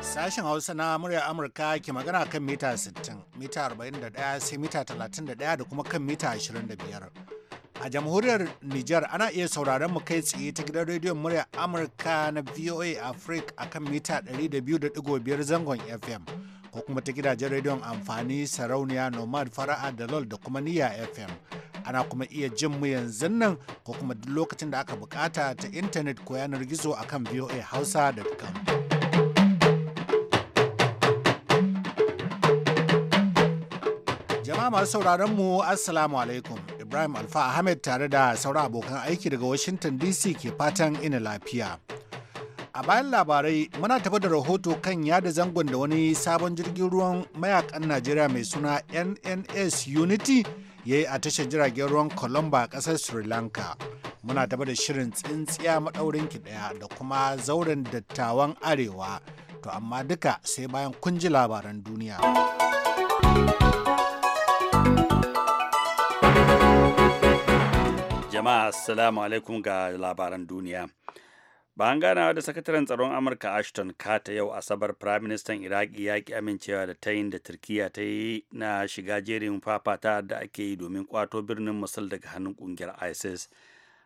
Sashen Hausa na murya Amurka ke magana kan mita 60, mita 41 sai mita 31 da kuma kan mita 25. A jamhuriyar Nijar ana iya sauraron mu kai tsaye ta gidan rediyon murya Amurka na VOA Africa a kan mita 200.5 zangon FM ko kuma ta gidajen rediyon amfani sarauniya Nomad Fara'a da LOL da kuma Niyya FM. ana kuma iya jin mu yanzu nan ko kuma duk lokacin da aka bukata ta intanet ko yanar gizo akan da Jama'a masu sauraron mu Assalamu alaikum. Ibrahim Alfa Ahmed tare da sauran abokan aiki daga Washington DC ke fatan ina lafiya. A bayan labarai muna tafi da rahoto kan yada zangon da wani sabon jirgin ruwan mayakan Najeriya mai suna NNS Unity ya yi a tashar jiragen ruwan colomba a ƙasar sri lanka muna taɓa da shirin tsintsiya maɗaurin ki ɗaya da kuma zauren dattawan arewa to amma duka sai bayan kun ji labaran duniya jama'a assalamu alaikum ga labaran duniya bayan ganawa da sakataren tsaron amurka ashton kata yau asabar firaministan iraki ya ki amincewa da tayin da turkiyya ta yi na shiga jerin fafata da ake yi domin kwato birnin musul daga hannun kungiyar isis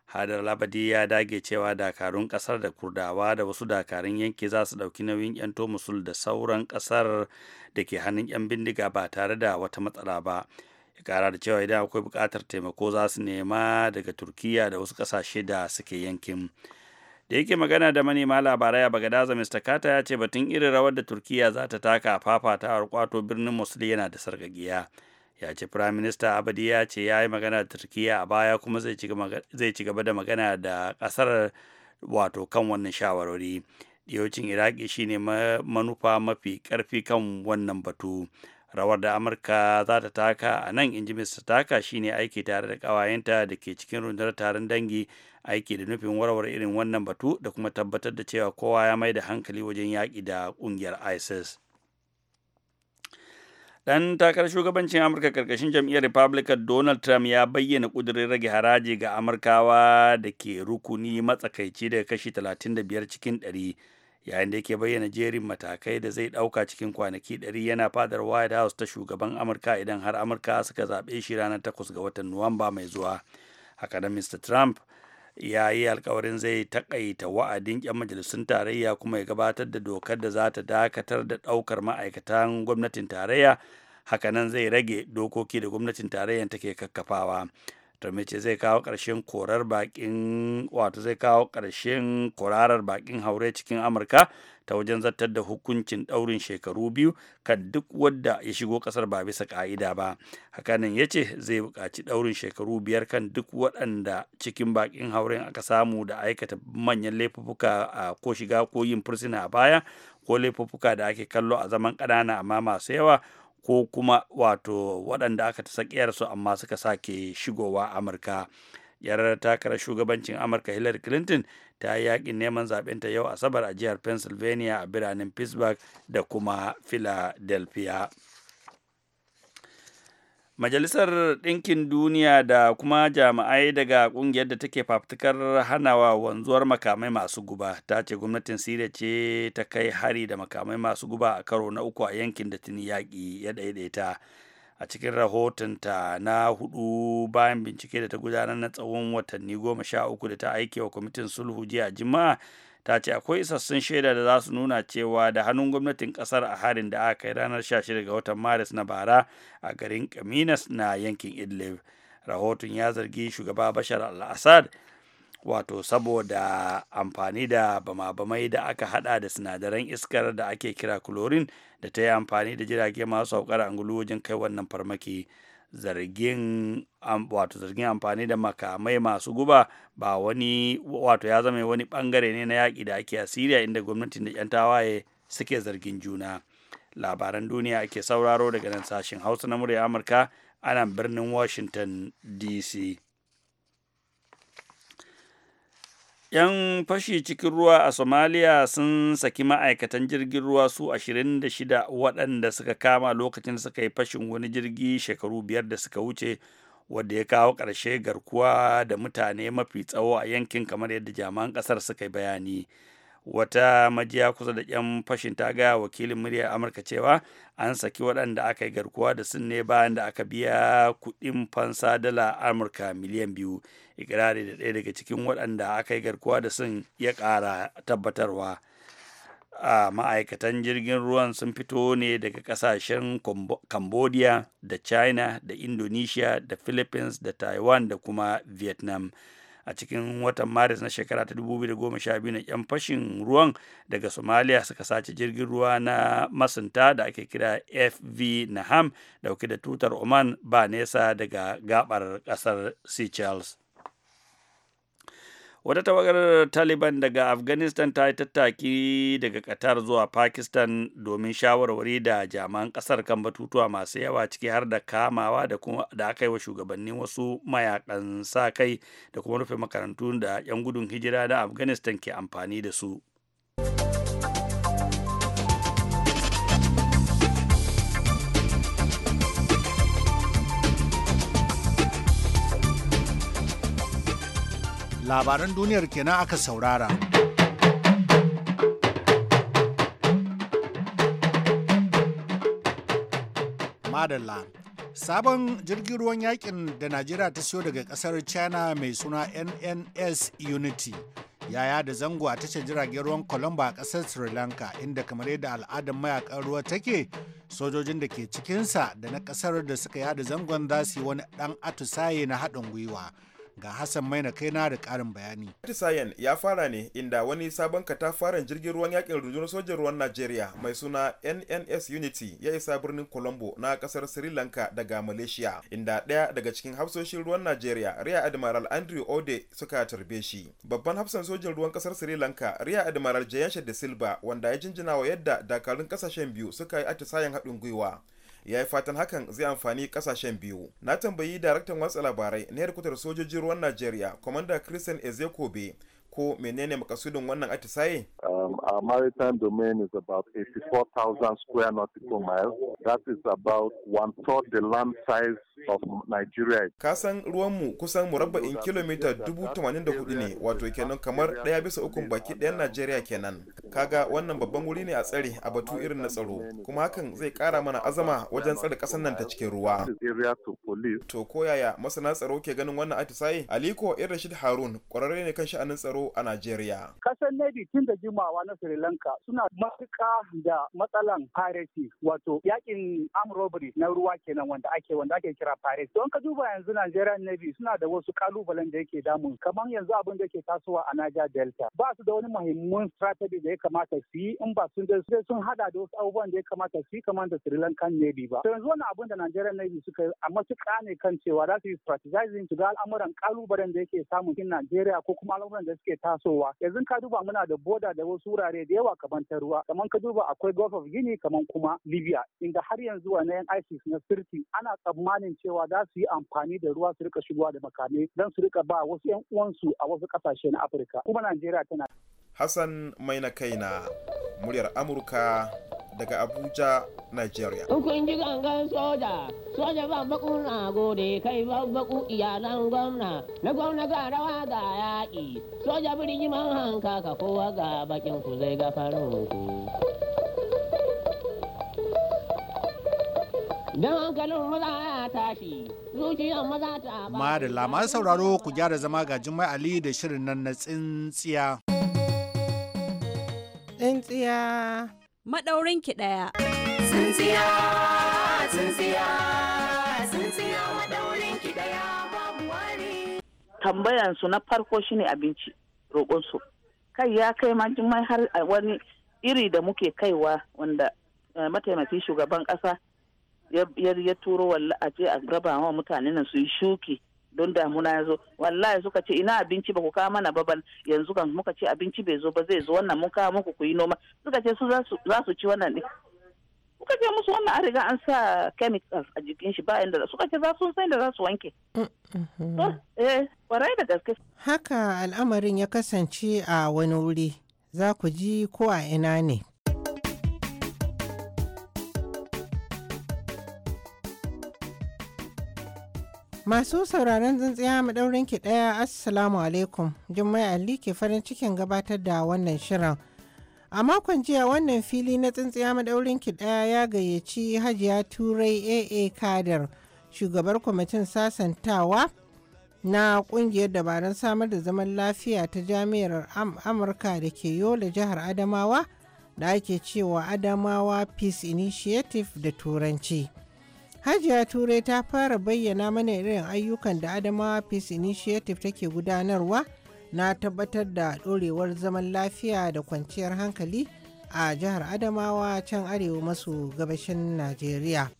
hadar labadi ya dage cewa dakarun kasar da kurdawa da wasu dakarun yanki za su ɗauki nauyin 'yanto musul da sauran kasar da ke hannun 'yan bindiga ba tare da wata matsala ba ya kara da cewa idan akwai bukatar taimako za su nema daga turkiyya da wasu ƙasashe da suke yankin da yake magana da manema labarai a bagadaza mr kata ya ce batun irin rawar da turkiya za ta taka a fafatawar kwato birnin mosul yana da sargagiya ya ce prime minister abadi ya ce ya yi magana da turkiya a baya kuma zai ci gaba da magana da kasar wato kan wannan shawarwari diyocin iraki shine manufa mafi karfi kan wannan batu rawar da amurka za ta taka a nan in ji mista taka shine aiki tare da kawayenta da ke cikin rundunar taron dangi aiki da nufin warware irin wannan batu da kuma tabbatar da cewa kowa ya mai da hankali wajen yaƙi da ƙungiyar isis dan takarar shugabancin amurka karkashin jam'iyyar republican donald trump ya bayyana kudirin rage haraji ga amurkawa da ke rukuni matsakaici daga kashi 35 cikin 100 yayin da yake bayyana jerin matakai da zai ɗauka cikin kwanaki ɗari yana fadar white house ta shugaban amurka idan har amurka suka zaɓe shi ranar 8 ga watan nuwamba mai zuwa haka da mr trump ya yi alkawarin zai takaita wa'adin 'yan majalisun tarayya kuma ya gabatar da dokar da za ta dakatar da ɗaukar ma'aikatan gwamnatin tarayya hakanan zai rage dokoki da gwamnatin tarayyar take kakkafawa turmi ce zai kawo ƙarshen korar bakin wato zai kawo ƙarshen korarar bakin haure cikin amurka ta wajen zartar da hukuncin ɗaurin shekaru biyu kan duk wadda ya shigo ƙasar ba bisa ƙa'ida ba hakanan ya ce zai buƙaci ɗaurin shekaru biyar kan duk waɗanda cikin baƙin hauren aka samu da aikata manyan laifuka a ko shiga ko yin fursuna a baya ko laifuka da ake kallo a zaman ƙanana amma masu yawa ko kuma wato waɗanda aka ta su amma suka sake shigowa amurka yarar takarar shugabancin amurka hillary clinton ta yi yakin neman zaɓenta yau asabar a jihar pennsylvania a biranen pittsburgh da kuma philadelphia Majalisar Ɗinkin Duniya da kuma jami'ai daga ƙungiyar da take fafutukar hanawa wanzuwar makamai masu guba ta ce gwamnatin Siriya ce ta kai hari da makamai masu guba a karo na uku a yankin da tuni yaƙi ya ɗaiɗaita. A cikin rahotonta na hudu bayan bincike da ta gudanar na tsawon watanni goma sha uku da ta aike wa kwamitin sulhu jiya Juma'a ta ce akwai isassun shaida da za su nuna cewa da hannun gwamnatin kasar a harin da aka kai ranar 16 ga watan maris na bara a garin kaminas na yankin idlib rahoton ya zargi shugaba bashar al-assad wato saboda amfani da bama-bamai da aka hada da sinadaran iskar da ake kira chlorine da ta yi amfani da jirage masu saukar angulu wajen kai wannan farmaki zargin wato zargin amfani da makamai masu guba ba wani wato ya zama wani bangare ne na yaƙi da ake a Siriya inda gwamnatin da 'yan tawaye suke zargin juna. Labaran duniya ake sauraro daga nan sashen Hausa na murya Amurka ana birnin Washington DC. 'Yan fashi cikin ruwa a Somalia sun saki ma'aikatan jirgin ruwa su 26 waɗanda suka kama lokacin suka yi fashin wani jirgi shekaru biyar da suka wuce wadda ya kawo ƙarshe garkuwa da mutane mafi tsawo a yankin kamar yadda jami'an ƙasar suka yi bayani. wata majiya kusa da 'yan fashin ta gaya wakilin muryar amurka cewa an saki waɗanda aka yi garkuwa da sun ne bayan da aka biya kuɗin fansa dala amurka miliyan biyu ikirari da ɗaya daga cikin waɗanda aka yi garkuwa da sun ya ƙara tabbatarwa a ma'aikatan jirgin ruwan sun fito ne daga ƙasashen cambodia da china da indonesia da philippines da taiwan da kuma vietnam a cikin watan maris na shekara ta 2012 na yan fashin ruwan daga somalia suka sace jirgin ruwa na masunta da ake kira fv naham dauke da tutar oman ba nesa daga gabar kasar seychelles wata tawagar taliban daga afghanistan ta yi tattaki daga qatar zuwa pakistan domin shawarwari da jami'an kasar kan batutuwa masu yawa ciki har da kamawa da kuma da aka yi wa shugabannin wasu mayakan sa kai da kuma rufe makarantu da 'yan gudun hijira na afghanistan ke amfani da su labaran duniyar kenan aka saurara. Madalla. Sabon jirgin ruwan yakin da Najeriya ta siyo daga kasar China mai suna NNS Unity. Yaya da zango a tashar jiragen ruwan Colombo a kasar Sri Lanka inda kamar yadda al'adar mayakan ruwa take sojojin da ke cikinsa da na kasar da suka yada zangon za su yi wani dan atusaye na haɗin gwiwa. ga Hassan Maina kaina da ƙarin bayani. Atisayen ya fara ne inda wani sabon katafaren jirgin ruwan yakin rundunar sojin ruwan Najeriya mai suna NNS Unity ya isa birnin Colombo na ƙasar Sri Lanka daga Malaysia inda ɗaya daga cikin hafsoshin ruwan Najeriya Rear Admiral Andrew Ode suka tarbe shi. Babban hafsan sojin ruwan ƙasar Sri Lanka Rear Admiral Jayanshi da Silva wanda ya jinjina wa yadda dakarun ƙasashen biyu suka yi atisayen haɗin gwiwa. ya yi fatan hakan zai amfani kasashen biyu na tambayi daraktan watsa labarai na yarkutar sojojin ruwan najeriya kwamandan christian ezekobe ko menene makasudin wannan atisaye? Um, our maritime domain is about 84,000 square nautical miles. That is about one third the land size of Nigeria. Kasan ruwanmu kusan murabba'in kilomita 84 ne wato kenan kamar ɗaya bisa ukun baki ɗayan Najeriya kenan. Kaga wannan babban wuri ne a tsare a batu irin na tsaro kuma hakan zai ƙara mana azama wajen tsare ƙasar nan ta cikin ruwa. To ko yaya masana tsaro ke ganin wannan atisaye? Aliko Irrashid Harun ƙwararre ne kan sha'anin tsaro a Najeriya. Kasar Navy tun da jimawa na Sri Lanka suna matuƙa da matsalan piracy wato yakin arm robbery na ruwa kenan wanda ake wanda ake kira piracy. Don ka duba yanzu najeriya Navy suna da wasu kalubalen da yake damun kamar yanzu abin da yake tasowa a Niger Delta. Ba su da wani muhimmin strategy da ya kamata su yi in ba sun sun hada da wasu abubuwan da ya kamata su yi kamar da Sri Lankan Navy ba. To yanzu wannan abin da Nigerian Navy suka a matuƙa ne kan cewa za su yi strategizing su ga al'amuran kalubalen da yake samun cikin Najeriya ko kuma al'amuran da suke suke tasowa yanzu ka duba muna da boda da wasu wurare da yawa kamar ta ruwa kamar ka duba akwai Gulf of Guinea kamar kuma Libya inda har yanzu yan ISIS na sirti ana tsammanin cewa za su yi amfani da ruwa su rika shigowa da makamai don su rika ba wasu 'yan uwansu a wasu kasashe na Afirka kuma Najeriya tana Hassan Maina Kaina muryar Amurka daga Abuja, Nigeria. Hukun gangan soja, soja ba baku na gode kai ba baku iyalan gwamna, na gwamna ga rawa ga yaƙi, soja birni man hanka ka kowa ga bakin ku zai ga farin ku. Don hankalin maza ya tashi, zuciyar maza ta ba. Madalla masu sauraro ku gyara zama ga Jummai Ali da shirin nan na tsintsiya. Tsintsiya. maɗaurin ki ɗaya. Tsintsiya, tsintsiya, tsintsiya maɗaurin ki ɗaya babu wani. Tambayan su na farko shine abinci roƙon su. Kai ya kai ma mai har wani iri da muke kaiwa wanda eh, mataimakin shugaban ƙasa ya turo walla a je a raba wa mutanen nan su yi shuki. don damuna ya zo wallahi suka ce ina abinci ba ku kawo mana ba yanzu kan muka ce abinci bai zo ba zai zo wannan mun kawo muku ku yi noma suka ce su za su ci wannan din suka ce musu wannan an riga an sa chemicals a jikin shi ba inda suka ce za su san da za su wanke mm-hmm. eh, kwarai da gaske haka al'amarin ya kasance a wani wuri za ku ji ko a ina ne Masu sauraron tsintsiya madaurin ki ɗaya Assalamu alaikum. Jummai Ali ke farin cikin gabatar da wannan shirin. A makon jiya wannan fili na tsintsiya madaurin ki ɗaya ya gayyaci Hajiya Turai AA Kadir, shugabar kwamitin sasantawa na ƙungiyar dabarun samar da zaman lafiya ta jami'ar Amurka da ke Yola jihar Adamawa da ake cewa Adamawa Peace Initiative da Turanci. Hajiya Turai ta fara bayyana mana irin ayyukan da Adamawa Peace Initiative take gudanarwa na tabbatar da ɗorewar zaman lafiya da kwanciyar hankali a jihar Adamawa can arewa maso gabashin Najeriya.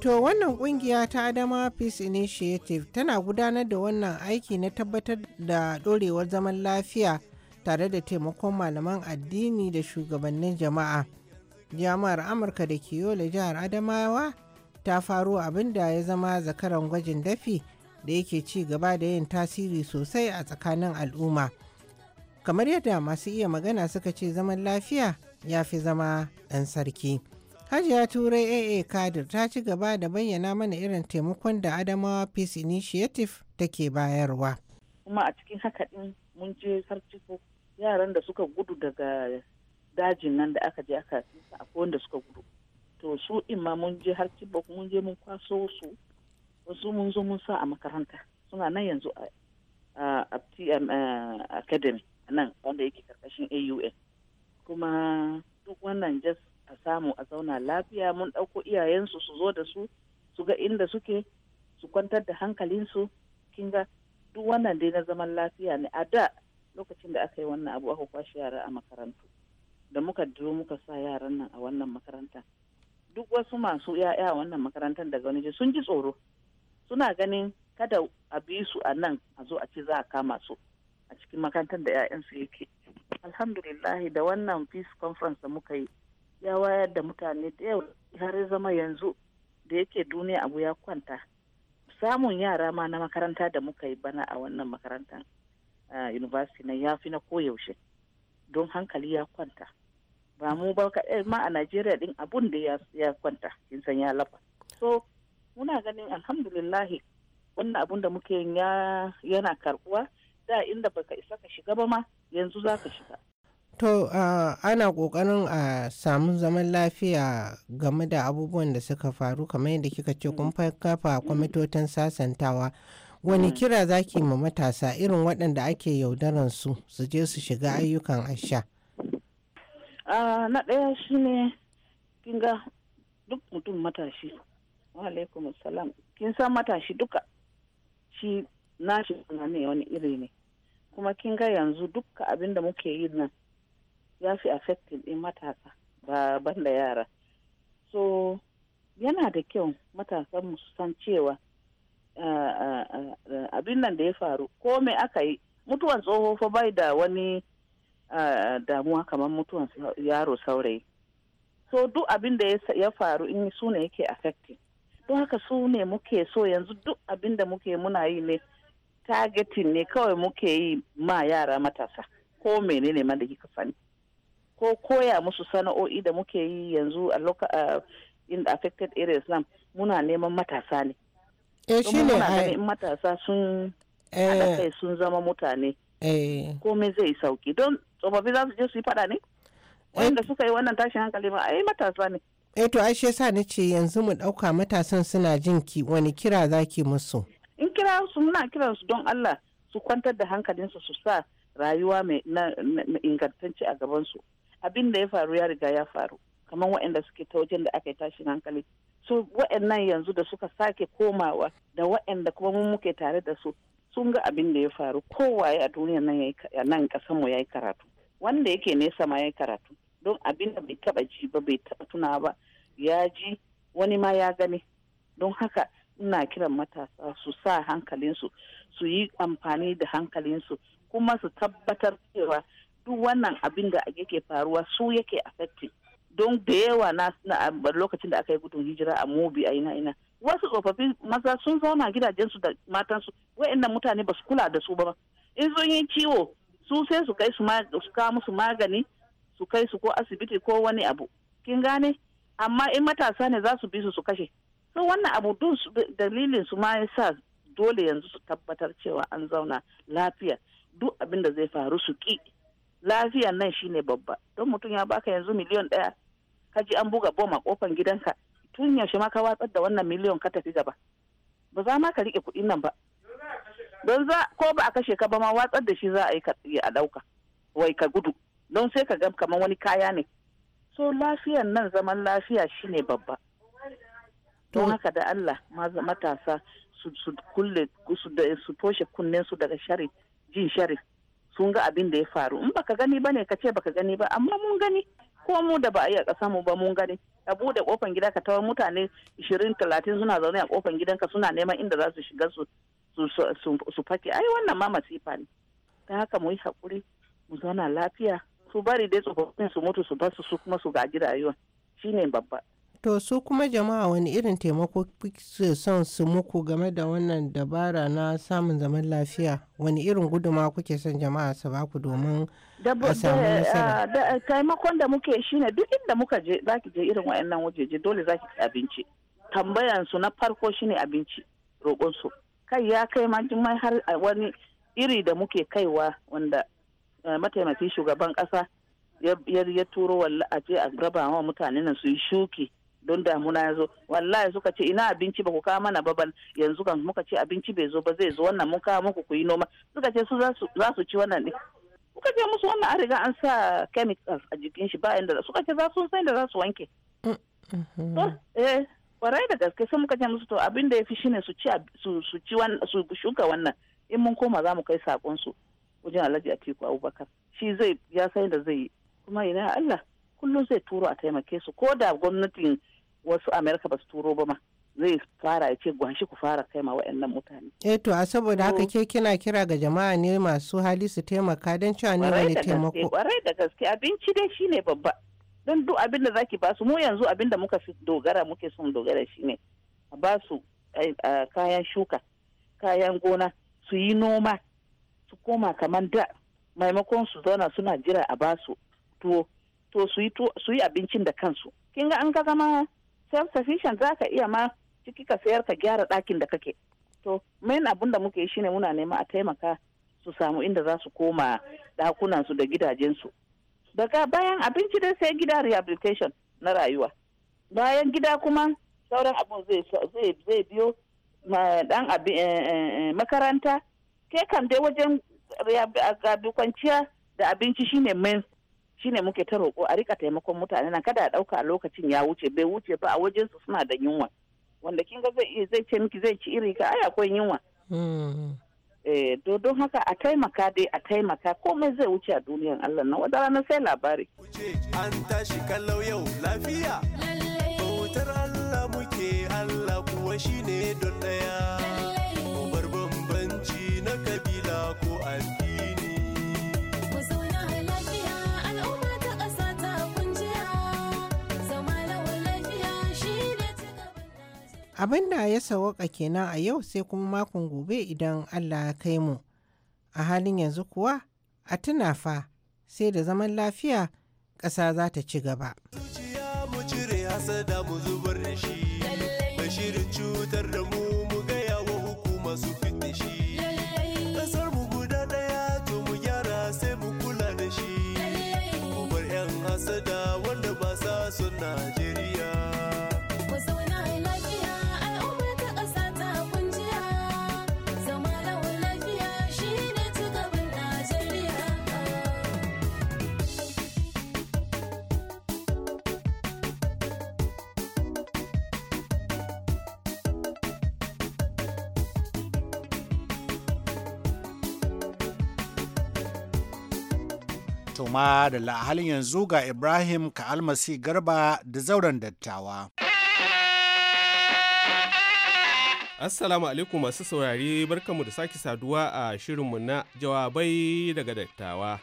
To wannan kungiya ta Adama Peace Initiative tana gudanar da wannan aiki na tabbatar da ɗorewar zaman lafiya tare da taimakon malaman addini da shugabannin jama'a. Jami'ar Amurka da Yola jihar Adamawa ta faro abin da ya zama zakaran gwajin dafi da yake ci gaba da yin tasiri sosai a tsakanin al'umma. Kamar yadda masu iya magana suka ce zaman lafiya ya fi zama ɗan sarki. Hajiya Turai AA Kadir ta ci gaba da bayyana mana irin taimakon da Adamawa Peace Initiative take bayarwa. Kuma a cikin haka ɗin mun je sarciko yaran da suka gudu daga dajin nan da aka je aka sisa a wanda suka gudu. To su in ma mun je har mun je mun kwaso su wasu mun zo mun sa a makaranta suna nan yanzu a Academy nan wanda yake karkashin AUN. Kuma duk wannan just a samu a zauna lafiya mun ɗauko iyayensu su zo da su su ga inda suke su kwantar da hankalinsu kin ga duk wannan dai na zaman lafiya ne a da lokacin da aka yi wannan abu aka kwashe yara a makarantu da muka duro muka sa yaran nan a wannan makaranta duk wasu masu ya'ya a wannan makarantar daga wani sun ji tsoro suna ganin kada a bi su a nan a zo a ce za a kama su a cikin makarantar da 'ya'yansu yake alhamdulillah da wannan peace conference da muka yi ya wayar da mutane da yau har zama yanzu da yake duniya abu ya kwanta samun yara ma na makaranta da muka yi bana a wannan makarantar university na ya fi na koyaushe don hankali ya kwanta ba mu ba eh, ma a najeriya din abun da ya kwanta kin san ya lafa so muna ganin alhamdulillahi wannan abun da muke yana karbuwa da inda baka isa ka shiga ba ma yanzu za ka shiga To uh, ana ƙoƙarin a uh, samu zaman lafiya game da abubuwan da suka faru kamar yadda kika ce kun mm. kafa mm. kwamitotin sasantawa. Wani mm. kira zaki ma matasa irin waɗanda ake yaudaran su su je su shiga ayyukan asha? na ɗaya shi ne kinga duk mutum matashi. alaikum salam. Kin san matashi duka shi nashi tunani wani iri ne. Kuma kinga yanzu duka abin da muke yi nan ya fi ɗin matasa ba banda yara so yana da kyau matasan su san cewa abin nan da ya faru ko me aka yi mutuwan tsoho fa bai da wani damuwa kamar mutuwan yaro saurayi so duk abin da ya faru in su ne yake affecting don haka su ne muke so yanzu duk abin da muke muna yi ne targeting ne kawai muke yi ma yara matasa ko menene ma da kika sani ko koya musu sana'o'i da muke yi yanzu a in affected areas nan muna neman matasa ne. Eh shi ne matasa sun eh. haɗa kai sun zama mutane. Eh. Komai zai sauki don tsofaffi za su je su yi faɗa ne? Eh. Wanda suka yi wannan tashin hankali ma ai matasa ne. Eh to ai sa na ce yanzu mu ɗauka matasan suna jin ki wani kira zaki musu. In kira su muna kira su don Allah su kwantar da hankalinsu su sa rayuwa mai ingantacce a gabansu. abin da ya faru ya riga ya faru kamar waɗanda suke ta wajen da aka yi tashin hankali su waɗannan yanzu da suka sake komawa da waɗanda kuma mun muke tare da su sun ga abin da ya faru kowaye a duniya nan nan kasan mu yayi karatu wanda yake nesa ma yayi karatu don abin da bai taɓa ji ba bai taɓa tuna ba ya ji wani ma ya gani don haka ina kiran matasa su sa hankalinsu su yi amfani da hankalinsu kuma su tabbatar cewa duk wannan abin da yake faruwa su yake affecting don da yawa na a lokacin da aka yi gudun hijira a mobi a ina ina wasu tsofaffi maza sun zauna gidajensu da matansu wa'annan mutane ba su kula da su ba in sun yi ciwo su sai su kai su kawo musu magani su kai su ko asibiti ko wani abu kin gane amma in matasa ne za su bi su su kashe so wannan abu duk dalilin su ma sa dole yanzu su tabbatar cewa an zauna lafiya duk abin da zai faru su ki lafiyan nan shine babba don mutum ya baka yanzu miliyon ɗaya ka ji an buga bom a kofan gidanka tun yaushe ma ka watsar da wannan miliyon ka tafi gaba ba za ma ka riƙe kuɗin nan ba don za ko ba a kashe ka ba ma watsar da shi za a yi a ɗauka wai ka gudu don sai ka ga kamar wani kaya ne so lafiyan nan zaman lafiya shine babba don haka da Allah matasa su kulle su toshe kunnen su daga shari jin shari sun ga abin da ya faru in baka gani ba ne ka ce baka gani ba amma mun gani ko mu da ba a yi a ƙasa mu ba mun gani ka bude kofan gida ka tawar mutane 20 30 suna zaune a kofan gidanka suna neman inda za su shiga su su fake ai wannan ma masifa ne ta haka mu yi haƙuri mu zauna lafiya su bari dai tsofaffin su mutu su basu su kuma su gaji rayuwa shine babba To su kuma jama'a wani irin taimako su son su muku game da wannan dabara na samun zaman lafiya wani irin guduma kuke son jama'a su baku domin a samu nasara. Ah, eh, taimakon da muke shi ne duk inda muka je za ki je irin wayannan wajeje dole za ki ci abinci. Tambayan su na farko shi ne abinci roƙon su. Kai ya kai ma mai har ah, wani iri da muke kaiwa wanda eh, mataimakin shugaban ƙasa ya turo walla a je a raba wa mutanen su yi shuki. don damuna ya zo wallahi suka ce ina abinci ba ku kawo mana ba yanzu kan muka ce abinci bai zo ba zai zo wannan mun kawo muku ku yi noma suka ce su za su ci wannan ne suka ce musu wannan an riga an sa chemicals a jikin shi ba inda suka ce za su san da za su wanke mm-hmm. eh, warai da gaske sai muka ce musu to abin da ya fi shine su ci su ci su shuka wannan in mun koma za mu kai sakon su wajen Alhaji Atiku Abubakar shi zai ya san da zai yi kuma ina Allah kullum zai turo a taimake su ko da gwamnatin wasu amerika ba su turo ba ma zai fara ya ce gwanshi ku fara kai ma wa'annan mutane eh to a saboda haka ke kina kira ga jama'a ne masu hali su taimaka don cewa ne wani taimako kwarai da gaske abinci dai shine babba don duk abin da zaki basu mu yanzu abin da muka fi dogara muke son dogara shine a basu eh, kayan shuka kayan gona su yi noma su koma kamar da maimakon su zauna suna jira a basu tuwo to su yi abincin da kansu kin ga an ga zama self sufficient za ka iya ma ciki ka sayar ka gyara ɗakin da kake to main abin da muke shine muna nema a taimaka su samu inda za su koma ɗakunan da gidajensu daga bayan abinci dai sai gida rehabilitation na rayuwa bayan gida kuma sauran abin zai biyo dan eh, eh, eh, makaranta ke kam dai wajen kwanciya da abinci shine main shine muke ta roƙo a rika taimakon mutane na kada a ɗauka a lokacin ya wuce bai wuce ba a wajen su suna da yunwa wanda kin ga zai zai ce miki zai ci iri ka ai akwai yunwa hmm. eh don haka a taimaka dai a taimaka komai zai wuce a duniyan Allah na wata na sai labari an tashi kallau yau lafiya bautar Allah muke Allah kuwa shine don daya bambanci na kabila ko addini Abin da ya sawaka kenan a yau sai kuma makon gobe idan Allah ya kai mu. A halin yanzu kuwa a tuna fa sai da zaman lafiya ƙasa za ta ci gaba. mu cire mu zubar da shi, cutar kuma da halin yanzu ga Ibrahim ka almasi garba da zauren dattawa. Assalamu alaikum masu saurari barkanmu da sake saduwa a shirinmu na jawabai daga dattawa.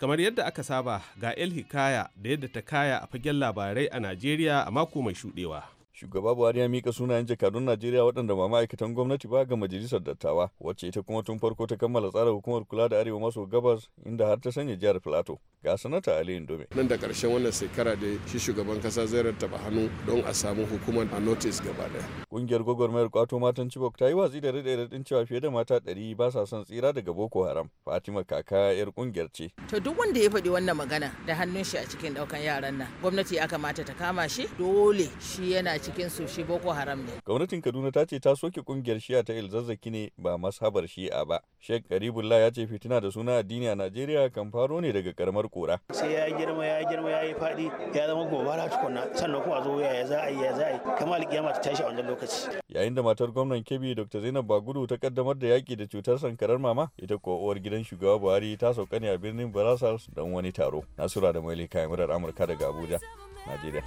Kamar yadda aka saba ga El Hikaya da yadda ta kaya a fagen labarai a Najeriya a mako mai shudewa. shugaba buhari ya mika sunayen jakadun najeriya waɗanda ba ma'aikatan gwamnati ba ga majalisar dattawa wacce ita kuma tun farko ta kammala tsara hukumar kula da arewa maso gabas inda har ta sanya jihar filato ga sanata ali indomi nan da karshen wannan shekara da shi shugaban kasa zai rattaba hannu don a samu hukumar a notice gaba ɗaya ƙungiyar gwagwarmayar kwato matan cibok ta yi watsi da rade irin cewa fiye da mata ɗari ba sa son tsira daga boko haram fatima kaka yar kungiyar ce to duk wanda ya faɗi wannan magana da hannun shi a cikin ɗaukan yaran nan gwamnati ya kamata ta kama shi dole shi yana su shi boko haram ne gwamnatin kaduna ta ce ta soke kungiyar shi'a ta ilzazzaki ne ba mashabar shi'a ba sheikh karibullah ya ce fitina da suna addini a najeriya kan faro ne daga karamar kora sai ya girma ya girma ya yi faɗi ya zama gobara tukunna sannan kuma a zo ya za a ya za a yi kamar alƙiyama ta tashi a wannan lokaci yayin da matar gwamnan kebbi dr zainab bagudu ta kaddamar da yaki da cutar sankarar mama ita ko uwar gidan shugaba buhari ta sauka ne a birnin barasas don wani taro nasura da maili kayan murar amurka daga abuja najeriya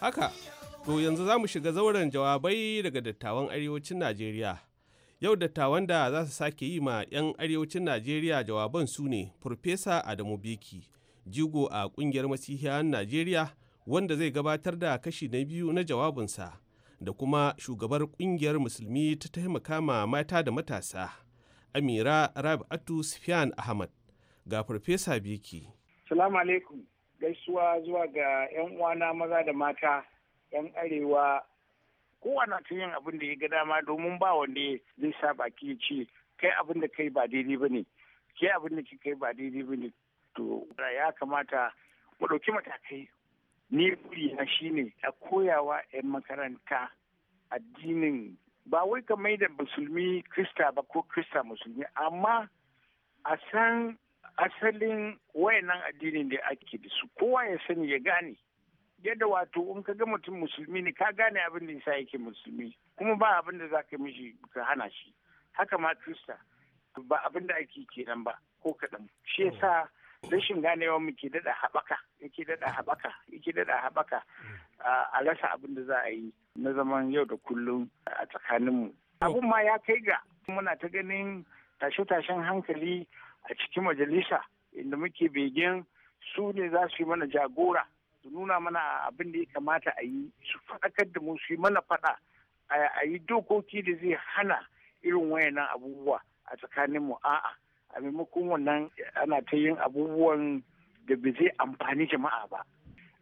Haka, to yanzu za mu shiga zauren jawabai daga dattawan arewacin Najeriya. Yau dattawan da za su sake yi ma 'yan arewacin Najeriya jawaban su ne Farfesa Adamu Biki, jigo a ƙungiyar Masihiyan Najeriya wanda zai gabatar da kashi na biyu na jawabinsa da kuma shugabar ƙungiyar Musulmi ta taimaka ma mata da matasa, Amira Rabi'atu Sufyan Ahmad. Ga Farfesa Biki. Salamu alaikum. gaisuwa zuwa ga 'yan uwana maza da mata 'yan arewa kowane tun yin abin da ya ga dama domin ba wanda zai sa baki ya ce kai abin da kai ba daidai ba ne ke abin da kai ba daidai ba ne to ya kamata mu ɗauki matakai ni na shi ne a koyawa 'yan makaranta addinin ba wai ka mai da musulmi krista ba ko krista musulmi amma a san asalin wayannan addinin da ake da su kowa ya sani ya gane yadda wato in ka ga mutum musulmi ne ka gane abin da yasa yake musulmi kuma ba abin da zaka mishi ka hana shi haka ma krista ba abin da ake kenan ba ko kaɗan shi yasa rashin ganewa mu ke daɗa haɓaka yake daɗa haɓaka yake daɗa haɓaka a rasa abin da za a yi na zaman yau da kullum a tsakaninmu abun ma ya kai ga muna ta ganin tashe-tashen hankali a cikin majalisa inda muke begen su ne za su yi mana jagora su nuna mana abin da ya kamata a yi su faɗakar da mu su yi mana faɗa a yi dokoki da zai hana irin wayannan abubuwa a tsakanin mu a'a a maimakon wannan ana ta yin abubuwan da bai zai amfani jama'a ba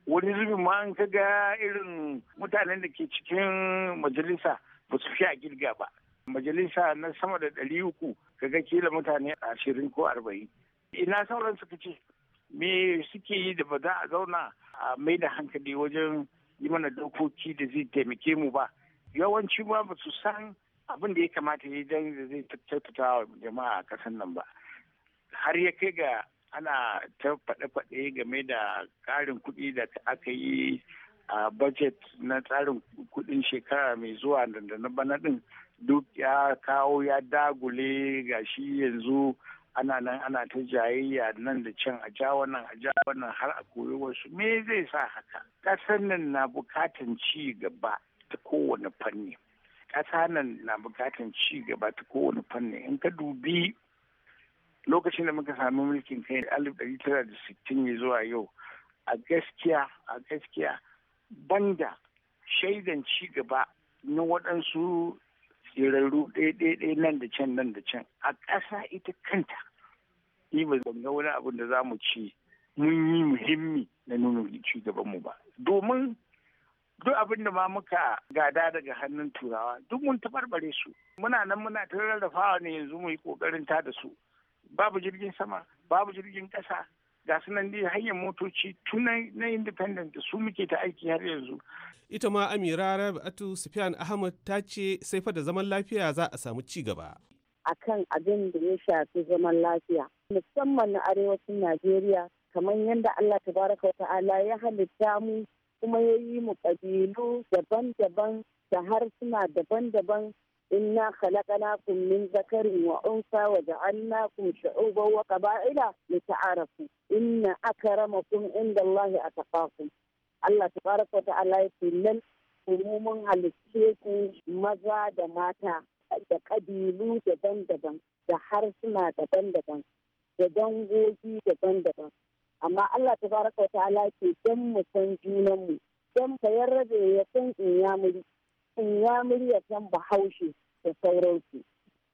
wani zubin ma an kaga irin mutanen da ke cikin majalisa ba su fi a girga ba majalisa na sama da ɗari uku kaga kila mutane ashirin ko arba'in ina sauran suka ce me suke yi da ba za a zauna a mai da hankali wajen yi mana dokoki da zai taimake mu ba yawanci ma ba su san abin da ya kamata ya dan da zai tattauta wa jama'a a kasan nan ba har ya kai ga ana ta faɗe-faɗe game da ƙarin kuɗi da aka yi a budget na tsarin kuɗin shekara mai zuwa da na bana ɗin duk ya kawo ya dagule ga shi yanzu ana nan ana ta jayayya nan da can a ja wannan a ja wannan har a koyo wasu me zai sa haka ƙasar nan na bukatan ci gaba ta kowane fanni ƙasa nan na bukatan ci gaba ta kowane fanni in ka dubi lokacin da muka sami mulkin kai alif ɗari tara da sittin ya zuwa yau a gaskiya a gaskiya banda shaidan ci gaba na waɗansu ƙirarru ɗaiɗaiɗai nan da can nan da can a ƙasa ita kanta ni ba zan ga wani abin da za mu ci mun yi muhimmi na nuna ci gaban mu ba domin duk abin da ma muka gada daga hannun turawa duk mun tabarbare su muna nan muna ta rarrafawa ne yanzu mu yi kokarin ta da su babu jirgin sama babu jirgin ƙasa ga su hanyar motoci tun na independent su muke ta aiki har yanzu. Ita ma Amira atu Sufyan Ahmad ta ce sai fa da zaman lafiya za a samu ci gaba. kan abin da ya shafi zaman lafiya musamman na arewacin Najeriya kamar yadda Allah ta baraka ta'ala ya halitta mu kuma ya yi mu ƙabilu daban-daban da harsuna daban-daban inna khalaqnakum min zakarin wa unsa wa ja'alnakum shu'uban wa qaba'ila lita'arafu inna akramakum indallahi ataqakum Allah tabaraka wa ta'ala yake nan umumin halittu ku maza da mata da kabilu daban-daban da harsuna daban-daban da dangogi daban-daban amma Allah tabaraka wa ta'ala ke dan mu san junanmu dan bayar rabe ya san in ya muri ya muryar nan bahaushe da sauransu.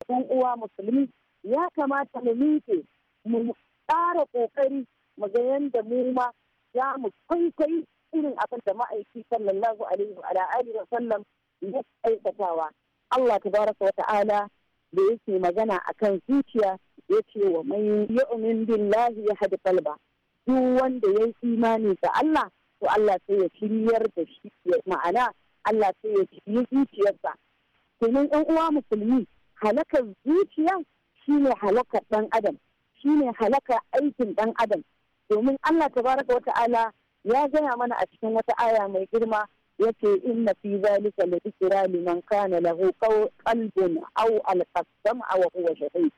‘Yan uwa musulmi ya kamata mu miƙe mu ƙara ƙoƙari mu ga yadda mu ma za mu kwaikwayi irin abin da ma'aiki sallallahu alaihi wa alihi wa sallam ya aikatawa. Allah tabaraka wa ta'ala da yake magana akan zuciya ya ce wa mai yu'min billahi ya hadi kalba duk wanda ya yi imani ga Allah to Allah sai ya shiryar da shi ma'ana Allah sai ya yi zuciyarsa domin ɗan uwa musulmi halakar zuciya shine halakar ɗan adam shine halakar aikin ɗan adam domin Allah tabaraka wa ta'ala ya gaya mana a cikin wata aya mai girma yace inna fi zalika la dhikra liman kana lahu qalbun aw al-qasam aw huwa shahid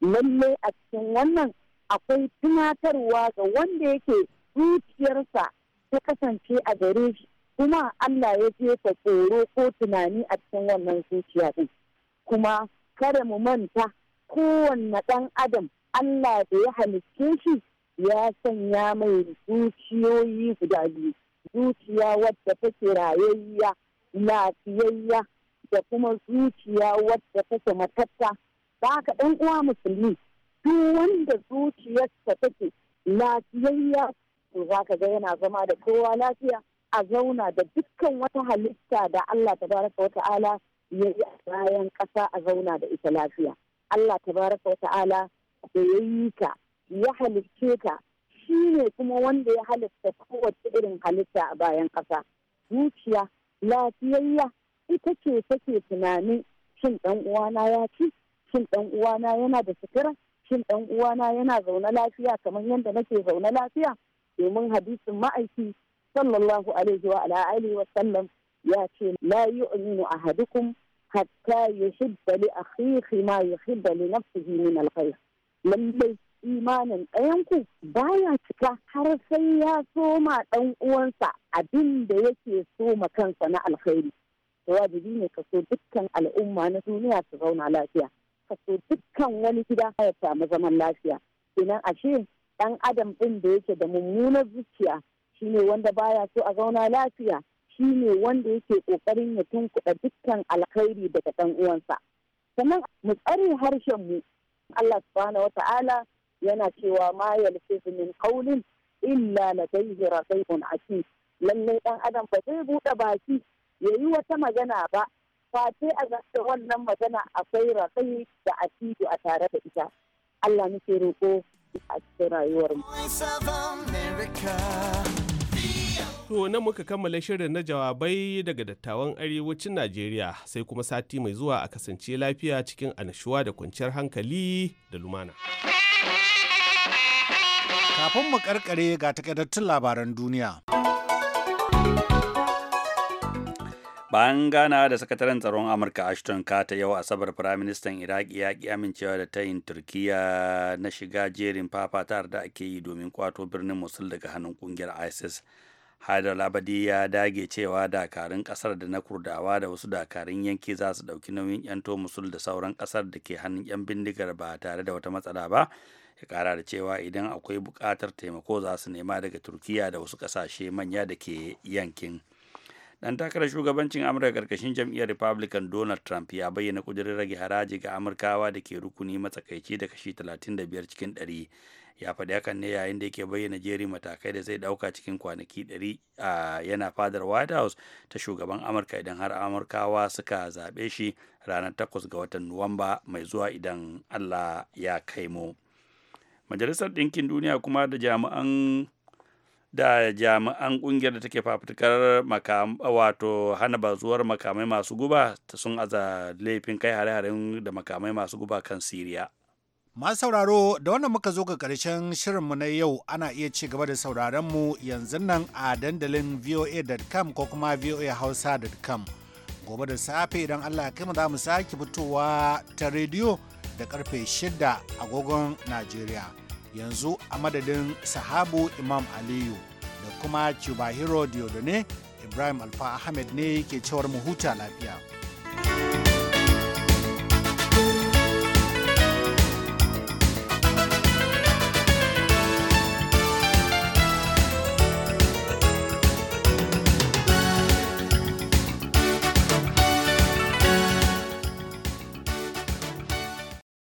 lalle a cikin wannan akwai tunatarwa ga wanda yake zuciyarsa ta kasance a gare shi kuma Allah ya jefa tsoro ko tunani a cikin wannan zuciya din kuma kada mu manta kowanne ɗan adam Allah da ya halicce shi ya sanya mai zuciyoyi guda biyu zuciya wadda take rayayya lafiyayya da kuma zuciya wadda take matatta ba ka ɗan uwa musulmi duk wanda zuciyarsa take lafiyayya to za ka ga yana zama da kowa lafiya a zauna da dukkan wata halitta da Allah tabaraka wata'ala ya yi a bayan ƙasa a zauna da ita lafiya. Allah ta tabaraka wata'ala da ya yi ka ya halicce ka shi ne kuma wanda ya halitta kowace irin halitta a bayan ƙasa. Zuciya lafiyayya ita ce take tunanin shin ɗan uwana ya ci shin ɗan uwana yana da sutura shin ɗan uwana yana zaune lafiya kamar yadda nake zaune lafiya domin hadisin ma'aiki sallallahu alaihi wa alihi wa sallam ya ce la yu'minu ahadukum hatta yuhibba li akhihi ma yuhibba li nafsihi min alkhair lallai imanin ku baya cika har sai ya soma ɗan uwansa abin da yake soma kansa na alkhairi wajibi ne ka so dukkan al'umma na duniya su zauna lafiya ka so dukkan wani gida ya samu zaman lafiya idan ashe ɗan adam ɗin da yake da mummunar zuciya Shi ne wanda baya so a zauna lafiya shi ne wanda yake kokarin ya tunkuɗa dukkan alkhairi daga ɗan uwansa sannan mu tsare harshen mu Allah subhanahu wata'ala yana cewa ma yalfizu min qawlin illa ladayhi raqibun atid lalle dan adam ba zai bude baki yayi wata magana ba face a zanta wannan magana akwai raƙai da atidu a tare da ita Allah muke roƙo a cikin rayuwar mu To nan muka kammala shirin na jawabai daga dattawan arewacin Najeriya sai kuma sati mai zuwa a kasance lafiya cikin anashuwa da kwanciyar hankali da lumana. Kafin mu karkare ga takaitattun labaran duniya. Bayan gana da sakataren tsaron Amurka Ashton Carter yau Asabar Firaministan Iraki ya ki amincewa da tayin turkiyya na shiga jerin fafatar da ake yi domin kwato birnin musul daga hannun kungiyar ISIS. haidar labadi ya dage cewa dakarun kasar da na kurdawa da wasu dakarun yanki za su dauki nauyin 'yanto musul da sauran kasar da ke hannun 'yan bindigar ba tare da wata matsala ba ya kara da cewa idan akwai bukatar taimako za su nema daga turkiya da wasu ƙasashe manya da ke yankin dan takarar shugabancin amurka karkashin jam'iyyar republican donald trump ya bayyana kudirin rage haraji ga amurkawa da ke rukuni matsakaici da kashi 35 cikin ɗari. ya faɗi hakan ne yayin da yake bayyana jerin matakai da zai ɗauka cikin kwanaki 100 a yana fadar white house ta shugaban amurka idan har amurkawa suka zaɓe shi ranar 8 ga watan nuwamba mai zuwa idan allah ya kai mu majalisar ɗinkin duniya kuma da jami'an da jami'an kungiyar da take fafutukar wato hana bazuwar makamai masu guba sun aza laifin kai hare-haren da makamai masu guba kan siriya Masu sauraro da wannan muka zo ga ƙarshen shirinmu na yau ana iya ci gaba da sauraronmu yanzu nan a dandalin voa.com ko kuma voahausa.com. Gobe da safe idan Allah ya mu za mu sake fitowa ta rediyo da karfe 6 agogon Najeriya. Yanzu a madadin sahabu Imam Aliyu da kuma Cuba Hero Diodone Ibrahim Alfa Ahmed ne ke cewar mu huta lafiya.